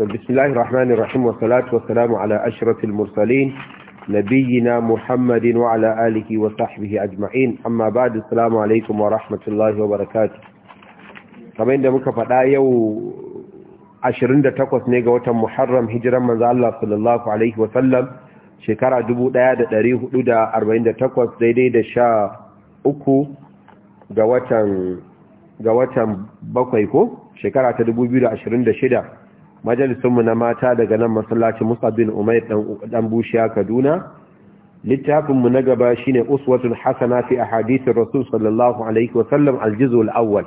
بسم الله الرحمن الرحيم والصلاة والسلام على أشرف المرسلين نبينا محمد وعلى آله وصحبه أجمعين أما بعد السلام عليكم ورحمة الله وبركاته kamar yadda muka faɗa yau 28 ne ga watan Muharram hijiran manzo Allah sallallahu alaihi wa sallam shekara 1448 daidai da sha uku ga watan ga watan bakwai ko shekara ta 2026 majalisunmu na mata daga nan masallacin bin umair dan bushiya kaduna littafinmu na gaba shine uswatul hasana fi ahadithir rasul sallallahu alaihi wa sallam aljuzul awwal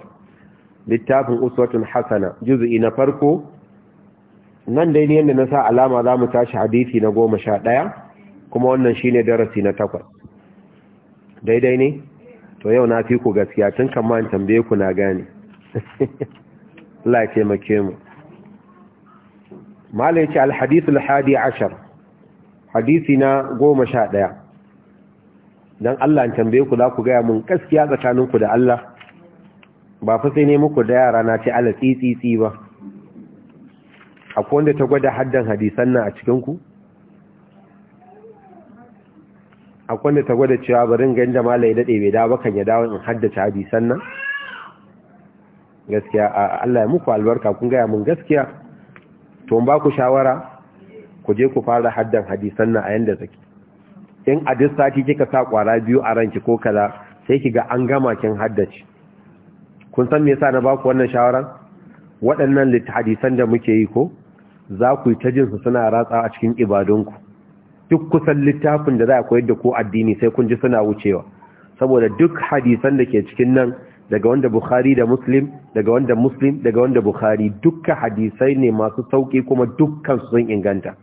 littafin uswatul hasana juz'i na farko nan dai ne yanda na sa alama za mu tashi hadisi na goma sha ɗaya kuma wannan shine darasi na takwas daidai ne to yau na fi ku gaskiya tun kama in tambaye ku na gane Allah ya taimake mu mala ya ce hadith al-hadi ashar goma na ɗaya don Allah in tambaye ku za ku gaya mun gaskiya tsakaninku da Allah ba fa sai ne muku da yara na ce ala tsitsitsi ba akwai wanda ta gwada haddan hadisan nan a cikinku, akwai wanda ta gwada cewa barin gan jamala ya daɗe bai dawa kan ya dawa in haddace hadisan nan gaskiya Allah ya muku albarka kun gaya mun gaskiya to ba ku shawara ku je ku fara haddan hadisan nan a yanda zaki in a duk sati kika sa kwara biyu a ranki ko kaza sai kiga an gama kin haddace kun san me yasa na baku wannan shawaran waɗannan hadisan da muke yi ko za ku yi ta jin su suna ratsa a cikin ibadunku duk kusan littafin da za a koyar da ku addini sai kun ji suna wucewa saboda duk hadisan da ke cikin nan daga wanda bukhari da muslim daga wanda muslim daga wanda bukhari dukkan hadisai ne masu sauki kuma dukkan sun inganta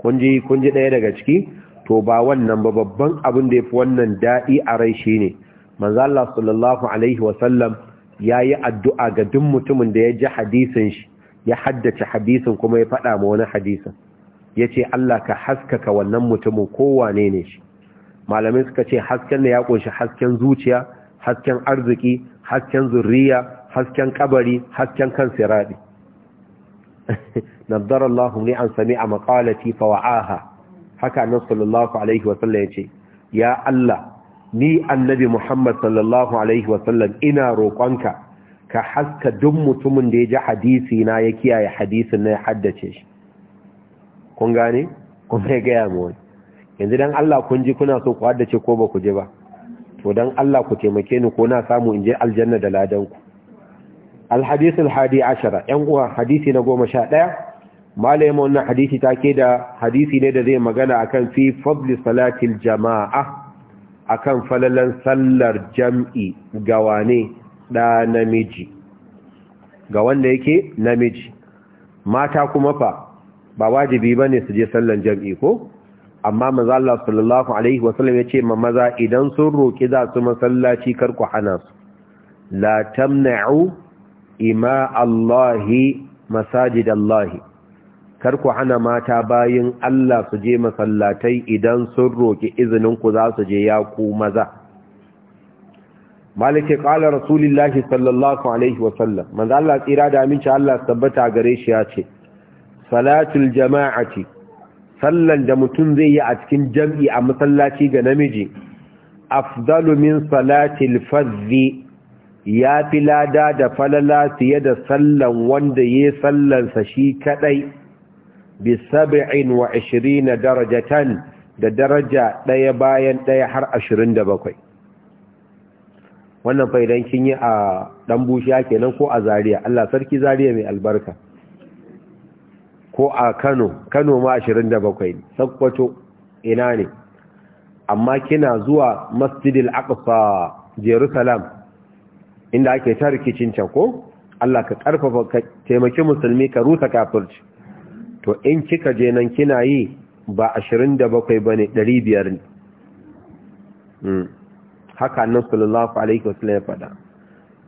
Kun ji daya daga ciki to ba wannan ba babban abin da yafi wannan dadi a rai shine manzo Allah sallallahu alaihi wa sallam yayi addu'a ga duk mutumin da ya ji hadisin shi ya haddace hadisin kuma ya fada ma wani hadisin yace Allah ka haskaka wannan mutumin kowane ne shi malamai suka ce hasken da ya kunshi hasken zuciya hasken arziki hasken zurriya hasken kabari hasken kan siradi nadara Allah ni an sami a fa wa'aha. haka annabi sallallahu alaihi wa ya ce ya Allah ni annabi Muhammad sallallahu alaihi sallam ina roƙonka ka haska duk mutumin da ya ji hadisi na ya kiyaye hadisin na ya haddace shi kun gane kun ga gaya mu yanzu dan Allah kun ji kuna so ku haddace ko ba ku je ba to dan Allah ku taimake ni ko na samu in je aljanna da ladan ku alhadithul hadi ashara yan uwa hadisi na goma sha ɗaya wannan hadisi take da hadisi ne da zai magana akan fi fadli salatil jama'a akan falalan sallar jam'i ga wane da namiji ga wanda yake namiji mata kuma fa ba wajibi bane su je sallan jam'i ko amma maza Allah sallallahu alaihi wasallam ya ce ma maza idan sun roƙi za su masallaci kar ku hana su la tamna'u ima Allahi masajid Allahi kar ku hana mata bayin Allah su je masallatai idan sun roƙi izininku za su je ya ku maza malike qala rasulullahi sallallahu alaihi wasallam manzo Allah tsira da aminci Allah tabbata gare shi ya ce salatul jama'ati sallan da mutum zai yi a cikin jam'i a masallaci ga namiji afdalu min salatil fazzi ya fi lada da falala fiye da sallan wanda ya yi sallansa shi kaɗai. bi sab'in wa daraja darajatan da daraja ɗaya bayan ɗaya har ashirin da bakwai wannan faidan kin yi a ɗan bushiya kenan ko a zariya Allah sarki zariya mai albarka ko a Kano Kano ma 27 ne ina ne amma kina zuwa Masjidil Aqsa Jerusalem inda ake ta rikicin can ko Allah ka karfafa ka taimaki musulmi ka rusa kafirci to in kika je nan kina yi ba 27 bane 500 ne hmm haka annabi sallallahu alaihi wasallam ya fada.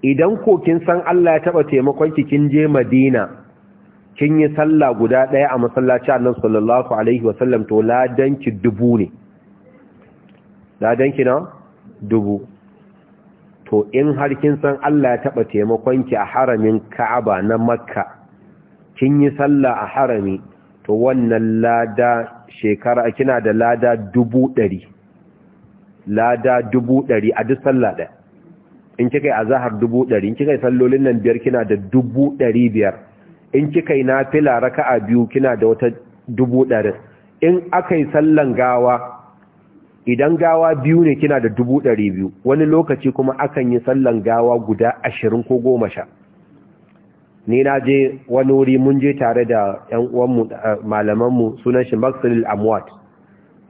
idan ko kin san Allah ya taba taimakon kin je Madina kin yi sallah guda ɗaya a masallaci nan sallallahu alaihi wasallam to ladanki dubu ne ladanki na dubu to in har kin san Allah ya taba taimakon ki a haramin Ka'aba na Makka kin yi sallah a harami to wannan lada shekara kina da lada dubu ɗari lada dubu ɗari a duk sallah ɗaya in kika yi azahar dubu ɗari in kika yi sallolin nan biyar kina da dubu ɗari biyar in kika yi nafila raka'a biyu kina da wata dubu ɗarin in aka yi sallan gawa idan gawa biyu ne kina da dubu ɗari biyu wani lokaci kuma akan yi sallan gawa guda ashirin ko goma sha ni na je wani wuri mun je tare da ‘yan uwanmu eh, malamanmu sunan shi maxwell amwat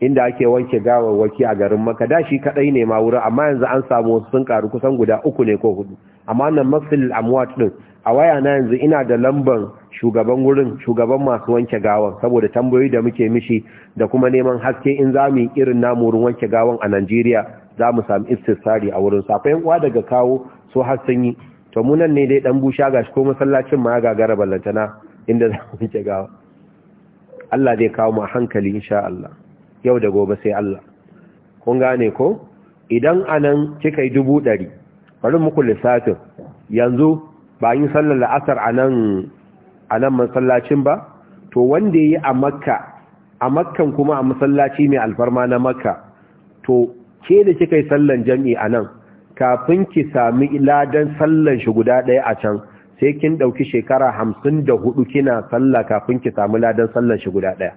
inda ake wanke gawarwaki a garin maka da shi kadai ne ma wurin amma yanzu an samu wasu sun karu kusan guda uku ne ko hudu amma nan maxwell amwat din. a waya na yanzu ina da lambar shugaban wurin shugaban masu wanke gawan saboda tambayoyi da muke mishi da kuma neman haske in za mu yi irin namu wanke gawan a Najeriya za mu sami istisari a wurin sa fayin uwa daga kawo so har sun yi to mu nan ne dai dan busha shi ko masallacin ma gagara ballantana inda za mu wanke gawa Allah zai kawo mu hankali insha Allah yau da gobe sai Allah kun gane ko idan anan kika yi dubu ɗari bari muku lissafin yanzu ba yin sallar la'asar a nan masallacin ba to wanda ya yi a makka a makkan kuma a masallaci mai alfarma na makka to ke da kika yi sallar jam'i a nan kafin ki sami Ladan sallar shi guda ɗaya a can sai kin ɗauki shekara hamsin da hudu kina salla kafin ki sami ladan sallar shi guda ɗaya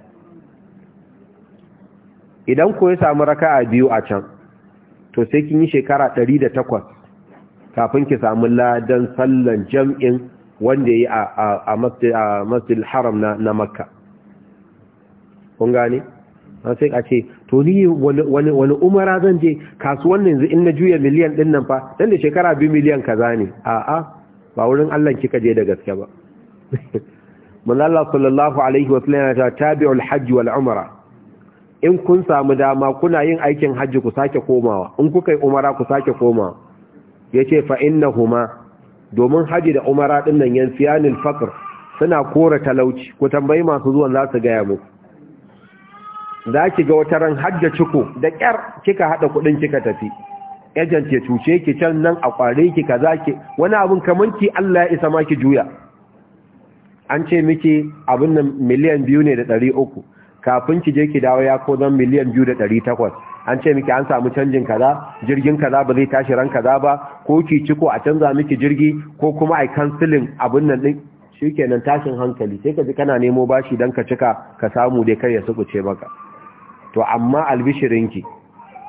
idan ko ya sami raka'a biyu a can to sai kin yi shekara ɗari da takwas kafin ki samu ladan sallan jam'in wanda ya yi a masjid haram na makka kun gane sai a ce to ni wani umara zan je kasuwan yanzu in na juya miliyan din nan fa dan da shekara biyu miliyan kaza ne a'a ba wurin Allah kika je da gaske ba manzo Allah sallallahu alaihi wa sallam ya tabi'ul hajj wal umra in kun samu dama kuna yin aikin hajji ku sake komawa in kuka yi umara ku sake komawa Ya yace fa huma. domin haji da umara ɗinnan nan siyanin fakir suna kora talauci ku tambayi masu zuwan za su gaya mu za ki ga wata ran hajja ciko da ƙyar kika haɗa kuɗin kika tafi ejan ce cuce ki can nan a ƙware ki kaza ki wani abin kamar ki Allah ya isa ma ki juya an ce miki abin nan miliyan biyu ne da ɗari uku kafin ki je ki dawo ya ko zan miliyan biyu da ɗari takwas an ce miki an samu canjin kaza jirgin kaza ba zai tashi ran kaza ba ko ki ciko a canza miki jirgi ko kuma ai cancelin abin nan din shikenan tashin hankali sai ka ji kana nemo bashi dan ka cika ka samu dai kar ya sukuce maka to amma albishirinki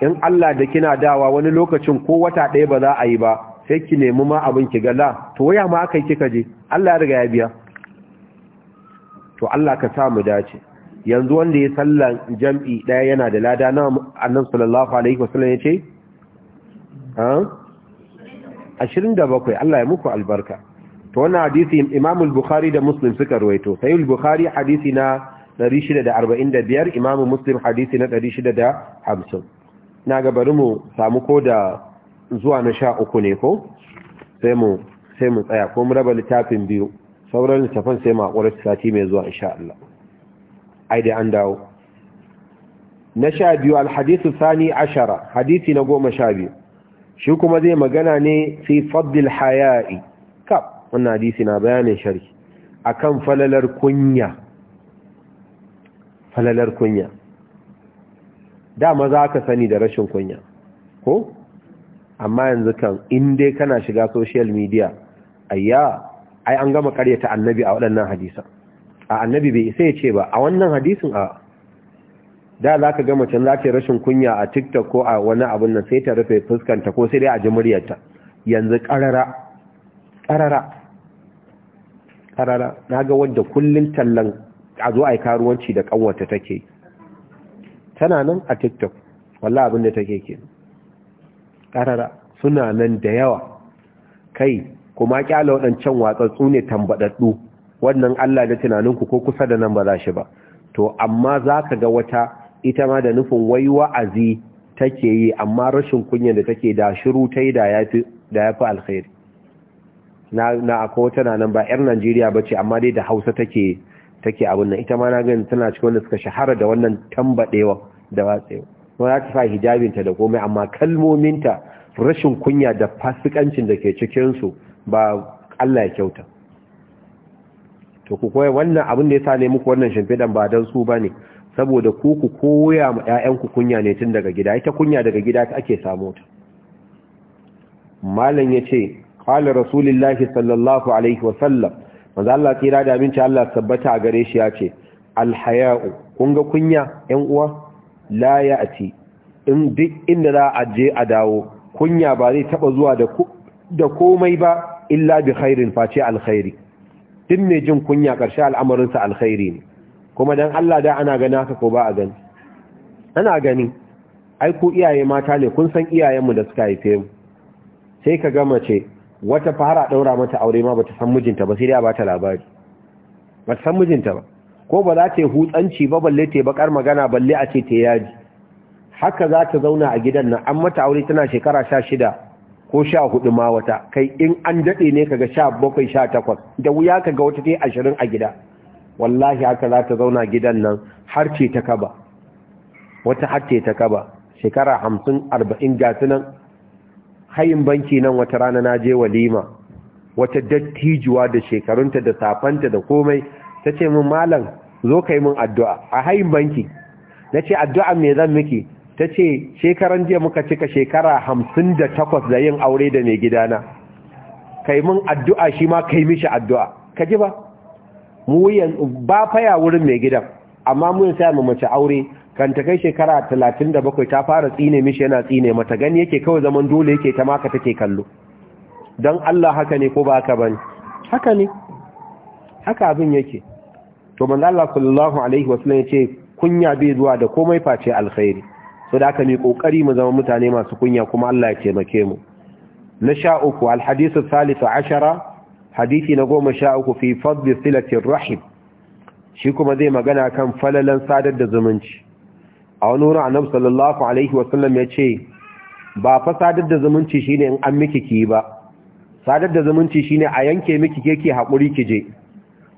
in Allah da kina dawa wani lokacin ko wata ɗaya ba za a yi ba sai ki nemi ma abin ki la to waya ma aka kika je Allah ya riga ya biya to Allah ka sa mu dace yanzu wanda ya sallan jam'i ɗaya yana da lada na annan sallallahu alaihi wasallam ya ce? ashirin da bakwai Allah ya muku albarka to wannan hadisi imamul bukhari da muslim suka ruwaito Sai yi bukhari hadisi na 645 imamu muslim hadisi na 650 na gabar mu samu ko da zuwa na sha uku ne ko sai mu sai mu tsaya ko mu raba littafin biyu sauran littafan sai mu akwai sati mai zuwa insha Allah ai an dawo na sha biyu alhadisu sani ashara hadisi na goma sha biyu shi kuma zai magana ne fi fadil haya'i kaf wannan hadisi na bayanin shari akan falalar kunya falalar kunya dama za ka sani da rashin kunya ko amma yanzu kan in dai kana shiga social media ayya ai an gama karyata annabi a waɗannan hadisan a annabi bai isa ya ce ba a wannan hadisin a da za ka gama can za ta rashin kunya a tiktok ko a wani abin nan sai ta rufe fuskanta ko sai dai a ji muryarta yanzu karara karara karara na ga wadda kullum tallan a zo a yi karuwanci da kanwata take tana nan a tiktok walla abin da take ke karara suna nan da yawa kai kuma ƙyala waɗancan watsatsu ne tambaɗaɗɗu wannan Allah da tunaninku ko kusa da nan ba za shi ba to amma za ka ga wata ita ma da nufin wai wa'azi take yi amma rashin kunya da take da shiru ta yi da ya fi alkhairi na akwai wata na nan ba 'yar najeriya ba ce amma dai da hausa take take abin nan ita ma na gani tana cikin wanda suka shahara da wannan tambadewa da watsewa kuma za ta sa hijabinta da komai amma kalmominta rashin kunya da fasikancin da ke cikinsu ba Allah ya kyauta to ku koya wannan abin da ya sa muku wannan shimfidan ba dan su ne, saboda ku ku koya ma ƴaƴanku kunya ne tun daga gida ita kunya daga gida ake samu ta malam ce, qala rasulullahi sallallahu alaihi wa sallam manzo Allah tsira da aminci Allah tabbata a gare shi yace alhaya'u kun ga kunya ƴan uwa la ya'ti in duk inda za a je a dawo kunya ba zai taba zuwa da da komai ba illa bi khairin face alkhairi duk mai jin kunya ƙarshe al'amarinsa alkhairi ne kuma don Allah da ana gani haka ko ba a gani ana gani ai ku iyaye mata ne kun san iyayenmu da suka haife mu sai ka gama ce wata fara ɗaura mata aure ma bata san mijinta ba sai dai ba ta labari bata san mijinta ba ko ba za ta yi hutsanci ba balle ta yi bakar magana balle a ce ta yaji haka za ta zauna a gidan nan an mata aure tana shekara sha shida ko sha hudu ma wata kai in an daɗe ne kaga sha bakwai sha takwas da wuya kaga wata ta ashirin a gida wallahi haka za ta zauna gidan nan har ce ta kaba wata har ce ta kaba shekara hamsin arba'in gasu nan hayin banki nan wata rana na je walima wata dattijuwa da shekarunta da safanta da komai ta ce min malam zo ka yi min addu'a a hayin banki na ce addu'a me zan miki ta ce shekaran jiya muka cika shekara hamsin da takwas da yin aure da mai gidana kai mun addu'a shi ma kai mishi addu'a ka ji ba mu ba faya wurin mai gidan amma mu sa mu mace aure kan ta kai shekara talatin da bakwai ta fara tsine mishi yana tsine mata gani yake kawai zaman dole yake ta maka take kallo don Allah haka ne ko ba haka haka ne haka abin yake to manzo Allah sallallahu alaihi wasallam yace kunya bai zuwa da komai face alkhairi so da aka mai kokari mu zama mutane masu kunya kuma Allah ya taimake mu na sha uku alhadisu salisu ashara hadisi na goma sha uku fi fadli silatin rahim shi kuma zai magana kan falalan sadar da zumunci a wani wurin annabi sallallahu alaihi wasallam ya ce ba fa sadar da zumunci shine in an miki ki ba sadar da zumunci shine a yanke miki ke ki haƙuri ki je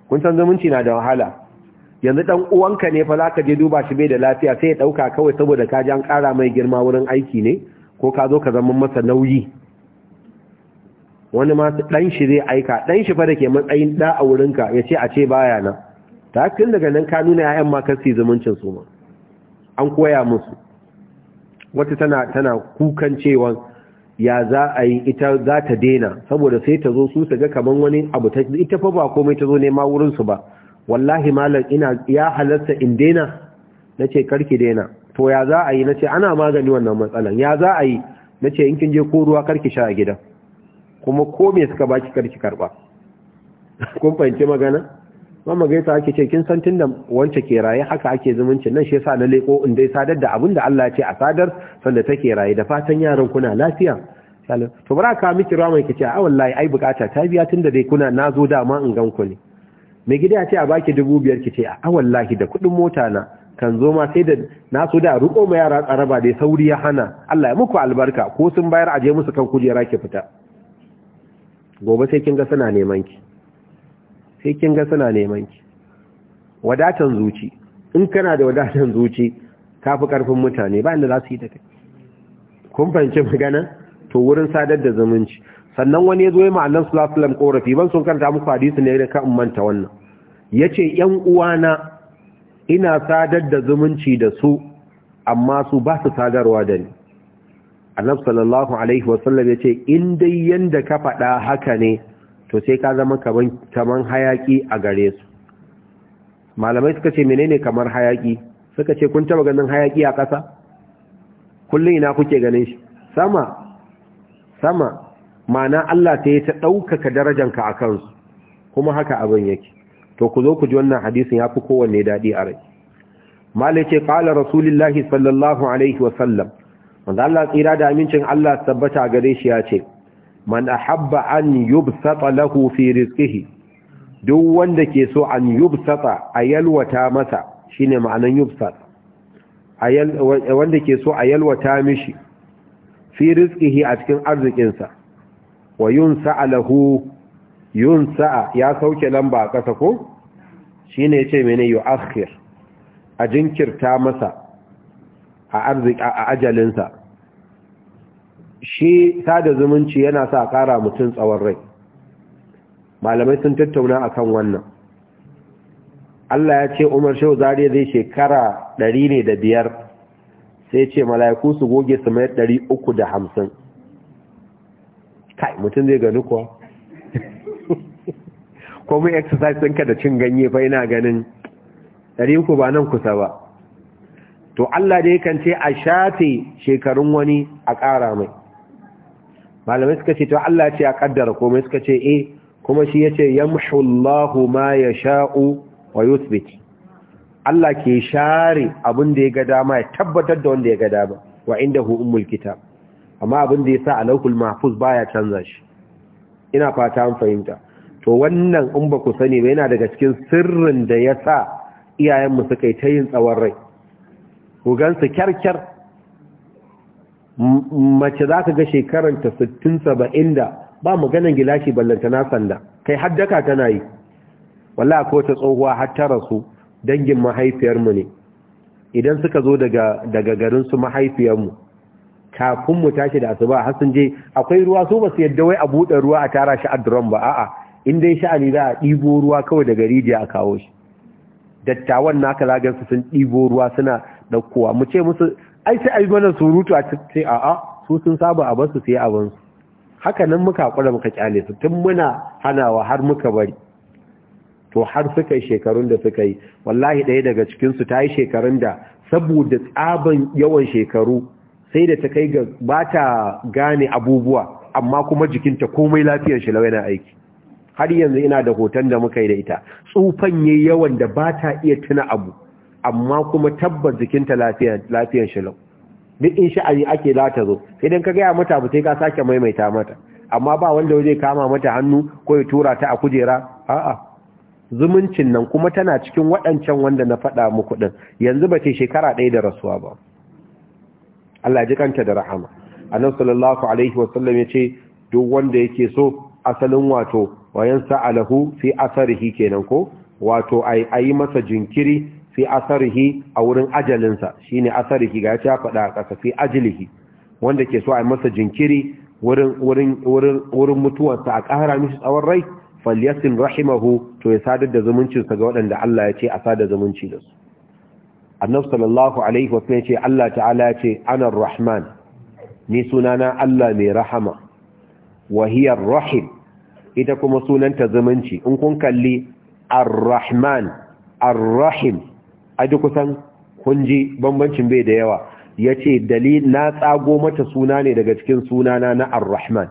kun san zumunci na da wahala yanzu dan uwanka ne fa ka je duba shi bai da lafiya sai ya dauka kawai saboda ka ji an ƙara mai girma wurin aiki ne ko ka zo ka zama masa nauyi wani ma dan shi zai aika dan shi fa ke matsayin da a wurinka ya ce a ce baya na ta kin daga nan ka nuna 'ya'yan ma kasi zumuncin su ma an koya musu wata tana tana kukan cewa ya za a yi ita za ta dena saboda sai ta zo su ga kaman wani abu ta ita fa ba komai ta zo nema wurin su ba wallahi malam ina ya halarta in daina nace karki daina to ya za a yi nace ana magani wannan matsalan ya za a yi nace in kin je ko ruwa karki sha a gida kuma ko me suka baki karki karba kun fahimci magana mamma gaisa ake ce kin san tunda wance ke raye haka ake zumuncin nan shi yasa na leko in dai sadar da abin da Allah ya ce a sadar sanda take raye da fatan yaran kuna lafiya to bara ka miki ramai kice a wallahi ai bukata ta biya tunda dai kuna nazo dama in gan ku ne mai gida ya ce a baki dubu biyar ki ce a wallahi da kuɗin mota na kan zo ma sai da na so da ruko ma yara tsaraba da sauri ya hana Allah ya muku albarka ko sun bayar aje musu kan kujera ki fita gobe sai kin ga suna neman ki sai kin ga suna neman ki wadatan zuci in kana da wadatan zuci kafi karfin mutane ba inda za su yi da kai kun fahimci magana to wurin sadar da zumunci sannan wani ya zo ya ma'annan sulasulam korafi ban sun karanta muku hadisi ne da in manta wannan ya ce ‘yan uwana ina sadar da zumunci da su amma su ba su sadarwa da ni annab sallallahu alaihi wasallam ya ce in dai yanda ka faɗa haka ne to sai ka zama kaman hayaki a gare su malamai suka ce menene kamar hayaki suka ce kun taba ganin hayaki a ƙasa kullum ina kuke ganin shi sama ma'ana Allah ta yi ta ɗaukaka darajanka a kansu kuma haka abin yake to ku zo ku ji wannan hadisin ya fi kowanne daɗi a rai malai ce ƙala rasulillahi sallallahu alaihi wasallam wanda Allah tsira da amincin Allah tabbata gare shi ya ce man ahabba an yubsata lahu fi rizqihi duk wanda ke so an yubsata a yalwata masa shine ma'anan yubsata wanda ke so a yalwata mishi fi rizqihi a cikin arzikinsa wa yun sa’alahu lahu sa'a ya sauke lamba a ƙasa ko shine yace mene akhir a jinkirta masa a ajalinsa shi sada zumunci yana sa ƙara mutum tsawon rai malamai sun tattauna a kan wannan Allah ya ce Umar Shehu zari zai shekara ɗari ne da biyar sai ce mala'iku su goge su mai ɗari uku da hamsin kai mutum zai gani kuwa komai exercise ɗinka da cin ganye fa yana ganin ɗari ba nan kusa ba to Allah dai kan ce a shafe shekarun wani a ƙara mai malamai suka ce to Allah ce a ƙaddara komai suka ce eh kuma shi ya ce yamhullahu ma ya sha'u wa yusbit Allah ke share abin da ya ga dama ya tabbatar da wanda ya ga dama wa inda ummul kitab amma abin da ya sa alaukul mahfuz baya canza shi ina fata an fahimta to wannan in ba ku sani ba yana daga cikin sirrin da ya sa iyayenmu suka yi ta yin tsawon rai ku gansu kyarkyar mace za ka ga shekaranta sittin 70 da ba maganan gilashi ballanta na sanda kai haddaka tana yi walla ko ta tsohuwa har ta rasu dangin mahaifiyarmu ne idan suka zo daga garinsu mahaifiyarmu kafin mu tashi da asuba har sun je akwai ruwa su ba su yadda wai a buɗe ruwa a tara shi a drum ba a'a in dai sha'ani za a ɗibo ruwa kawai daga rijiya a kawo shi dattawan naka zagar su sun ɗibo ruwa suna ɗaukowa mu ce musu ai sai ai mana surutu a ce a'a su sun saba a basu sai abin su haka nan muka kula muka kyale su tun muna hanawa har muka bari to har suka yi shekarun da suka yi wallahi ɗaya daga cikinsu ta yi shekarun da saboda tsaban yawan shekaru sai da ta kai ga ba ta gane abubuwa amma kuma jikinta komai lafiyar shi yana aiki har yanzu ina da hoton da muka yi da ita tsufan ya yi yawan da ba ta iya tuna abu amma kuma tabbas jikinta lafiyar shi duk in sha'ani ake za ta zo sai dan ka gaya mata abu sai ka sake maimaita mata amma ba wanda zai kama mata hannu ko ya tura ta a kujera a'a zumuncin nan kuma tana cikin waɗancan wanda na faɗa muku ɗin yanzu ba ce shekara ɗaya da rasuwa ba Allah ji kanta da rahama annabi sallallahu alaihi wasallam yace duk wanda yake so asalin wato wayan sa'alahu fi asarihi kenan ko wato ai ai masa jinkiri fi asarihi a wurin ajalinsa shine asarihi ga ya faɗa a ƙasa fi ajilihi wanda ke so ai masa jinkiri wurin wurin wurin wurin mutuwarsa a ƙara mishi tsawon rai falyasin rahimahu to ya sadar da zumuncin sa ga waɗanda Allah ya ce a sadar da zumunci da su annabi sallallahu alaihi wa sallam ce Allah ta'ala ce ana rahman ni sunana Allah mai rahama wa hiya rahim ita kuma sunanta zumunci in kun kalli ar-rahman ar-rahim aji kusan kun ji bambancin bai da yawa yace dalil na tsago mata suna ne daga cikin sunana na ar-rahman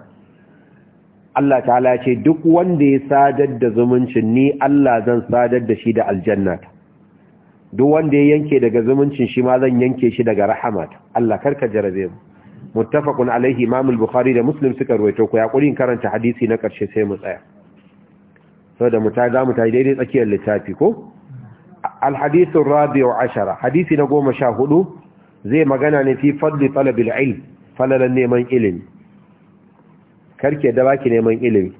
Allah ta'ala ce duk wanda ya sadar da zumuncin ni Allah zan sadar da shi da aljannata duk wanda ya yanke daga zumuncin shi ma zan yanke shi daga rahamat Allah karka jarabe mu muttafaqun alaihi imam al-bukhari da muslim suka rawaito ko kurin karanta hadisi na karshe sai mu tsaya saboda mu ta za mu ta daidai tsakiyar littafi ko al hadithu ar-rabi'u ashara hadisi na 14 zai magana ne fi fadli talab al-ilm falalan neman ilimi karke da baki neman ilimi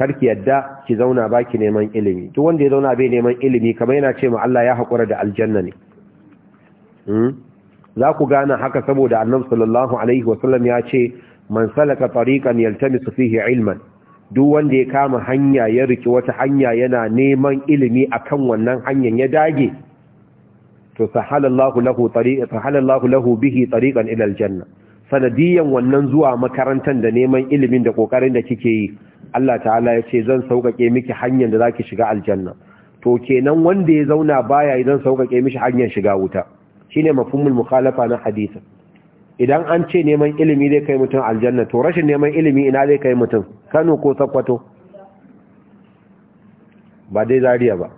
karki yadda ki zauna baki neman ilimi duk wanda ya zauna bai neman ilimi kamar yana ce ma Allah ya haƙura da aljanna ne hmm? za ku gane haka saboda annabi sallallahu alaihi wasallam ya ce man salaka tariqan yaltamisu fihi ilman duk wanda ya kama hanya ya riki wata hanya yana neman ilimi akan wannan hanyar ya dage to sahalallahu lahu tariqan sahalallahu lahu bihi tariqan ila aljanna sanadiyan wannan zuwa makarantar da neman ilimin da kokarin da kike yi Allah ta'ala ya ce zan sauƙaƙe miki hanyar da za ki shiga aljanna to kenan wanda ya zauna baya idan sauƙaƙe mishi hanyar shiga wuta shine mafhumul mukhalafa na hadisa. idan an ce neman ilimi zai kai mutum aljanna to rashin neman ilimi ina zai kai mutum Kano ko Sokoto ba dai Zariya ba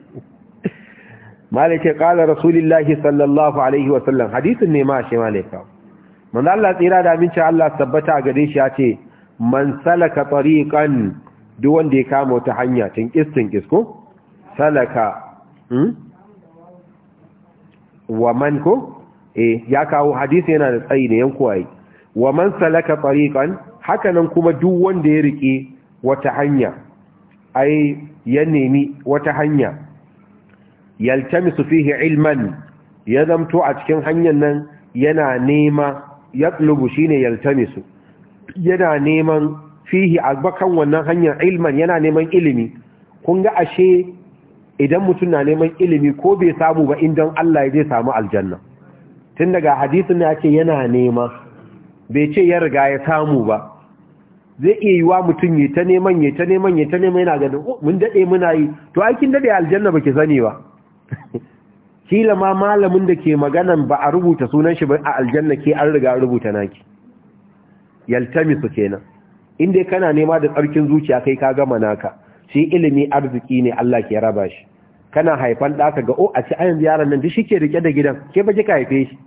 malike qala rasulullahi sallallahu alaihi wa sallam hadisin ne ma shi malika manzo Allah tsira da amince Allah tabbata gare shi ya ce man salaka tariqan duk wanda ya kama wata hanya tinkis tinkis ko salaka hmm? wa man ko eh ya kawo hadisi yana da tsayi ne yankuwaye wa man salaka tariqan hakanan kuma duk wanda ya rike wata hanya ai ya nemi wata hanya yaltamisu fihi ilman ya zamto a cikin hanyar nan yana nema yatlubu shine yaltamisu yana neman fihi a bakan wannan hanyar ilman yana neman ilimi kun ga ashe idan mutum na neman ilimi ko bai samu ba indan Allah ya zai samu aljanna tun daga hadisin ya ce yana nema bai ce ya riga ya samu ba zai iya yi wa mutum yi ta neman yi ta neman yi ta neman yana ganin oh, mun daɗe muna yi to aikin daɗe aljanna ba ke sani ba kila ma malamin da ke maganan ba a rubuta sunan shi ba a aljanna ke an riga rubuta naki yaltamisu kenan in dai kana nema da tsarkin zuciya kai ka gama naka shi ilimi arziki ne Allah ke raba shi kana haifan ɗaka ka ga o a ci ayan yaran nan duk shike rike da gidan ke ba kika haife shi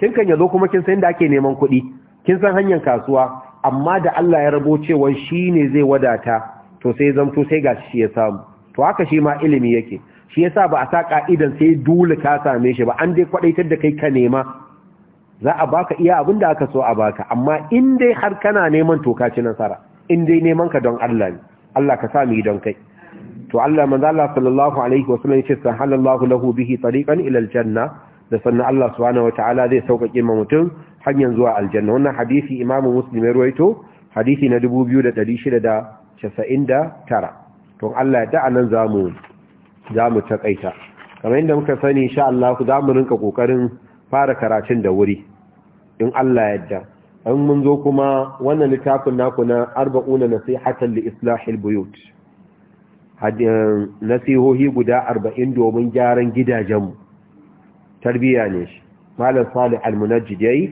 tun kan yazo kuma kin san da ake neman kuɗi kin san hanyar kasuwa amma da Allah ya rabo cewa shi ne zai wadata to sai zamto sai ga shi ya samu to haka shi ma ilimi yake shi yasa ba a sa ka'idan sai dole ka same shi ba an dai kwadaitar da kai ka nema za a baka iya abin da aka so a baka amma in dai har kana neman toka ci nasara in dai neman ka don Allah ne Allah ka sami don kai to Allah manzo Allah sallallahu alaihi wasallam yace sahalallahu lahu bihi tariqan ila aljanna da sannan Allah subhanahu wataala zai sauƙaƙe ma mutum hanyar zuwa aljanna wannan hadisi Imam Muslim ya ruwaito hadisi na 2699 to Allah ya da'a nan zamu zamu takaita kamar inda muka sani insha Allah zamu rinka kokarin fara karatun da wuri in Allah yadda an mun zo kuma wannan littafin naku na arba'una nasihatan li islahil buyut eh, nasihohi guda arba'in domin gyaran gidajenmu tarbiya ne shi malam salih almunajjid yayi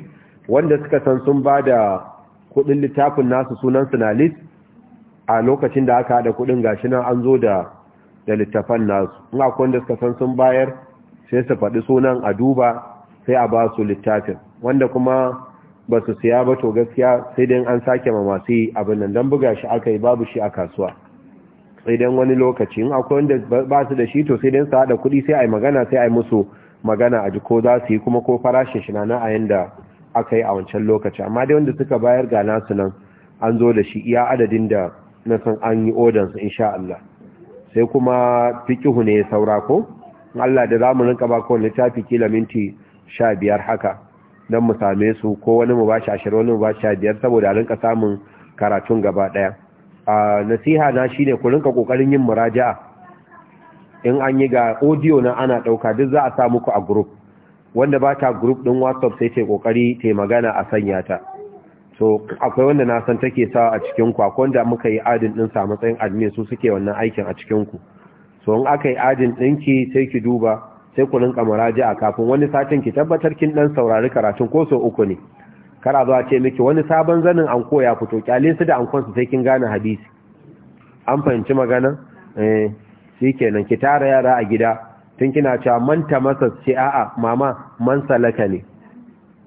wanda suka san sun bada kudin littafin nasu sunan su na list a lokacin da aka hada kudin gashi nan an zo da da littafan nasu in akwai wanda suka san sun bayar sai su faɗi sunan a duba sai a ba su littafin wanda kuma ba su siya ba to gaskiya sai dai an sake ma masu yi abin nan don buga shi aka yi babu shi a kasuwa sai dai wani lokaci in akwai wanda ba su da shi to sai dai su haɗa kuɗi sai a yi magana sai a yi musu magana a ji ko za su yi kuma ko farashin shi na a yanda aka yi a wancan lokaci amma dai wanda suka bayar ga nasu nan an zo da shi iya adadin da na san an yi su insha Allah sai kuma fikihu ne ya saura ko Allah da zamu rinka ba kowane littafi kila minti sha biyar haka don mu same su ko wani mu ba shi ashirin wani mu ba sha biyar saboda a rinka samun karatun gaba ɗaya a nasiha na shine ku rinka ƙoƙarin yin muraja'a in an yi ga odiyo na ana ɗauka duk za a sa muku a group wanda ba ta group ɗin whatsapp sai ta ƙoƙari ta magana a sanya ta so akwai wanda na san take sa a cikin ku akwai wanda muka yi adin ɗin sa matsayin admin su suke wannan aikin a cikin ku so in aka yi adin ɗinki sai ki duba sai ku rinka a kafin wani satin ki tabbatar kin dan saurari karatun ko so uku ne kara zuwa ce miki wani sabon zanin an koya fito kyalin su da an kwansu sai kin gane hadisi an fahimci magana eh shikenan ki tara yara a gida tun kina cewa man ta masa ce a'a mama man salaka ne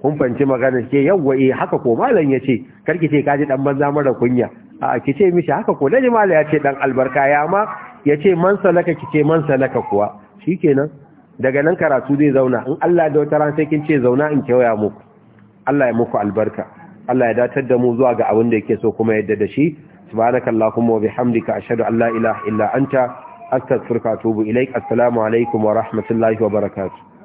kun fahimci magana ke yawwa eh haka ko malam yace karki ce kaji dan banza mara kunya a ki ce mishi haka ko naji malam yace dan albarka ya ma yace man salaka ki ce man salaka kuwa shikenan daga nan karatu zai zauna in Allah da wata ran sai kin ce zauna in kewaya muku Allah ya muku albarka Allah ya datar da mu zuwa ga abin da yake so kuma yadda da shi subhanakallahumma wa bihamdika ashhadu an la ilaha illa anta astaghfiruka wa atubu ilaik assalamu alaikum wa rahmatullahi wa barakatuh